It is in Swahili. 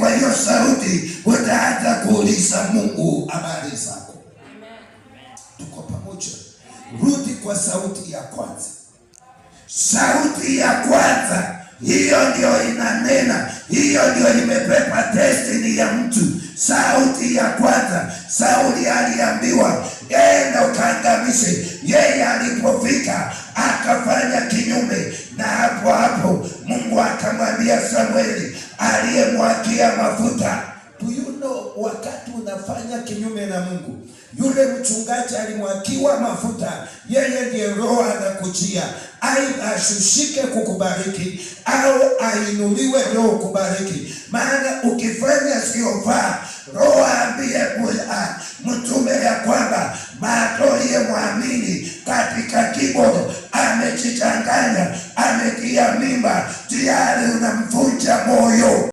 kwa hiyo sauti utaanza kuuliza Mungu habari zako. Tuko pamoja? Rudi kwa sauti ya kwanza. Sauti ya kwanza hiyo ndio inanena, hiyo ndio imebeba destiny ya mtu. Sauti ya kwanza. Sauli aliambiwa enda ukaangamize. Yeye alipofika akafanya kinyume, na hapo hapo Mungu akamwambia Samueli kumwagia mafuta. Do you know, wakati unafanya kinyume na Mungu, yule mchungaji alimwakiwa mafuta. Yeye ndiye Roho anakujia aidha ashushike kukubariki au ainuliwe Roho kubariki. Maana ukifanya siofaa, Roho aambie mtume ya kwamba matoye mwamini katika kibo amejichanganya, ametia mimba, tayari unamvunja moyo.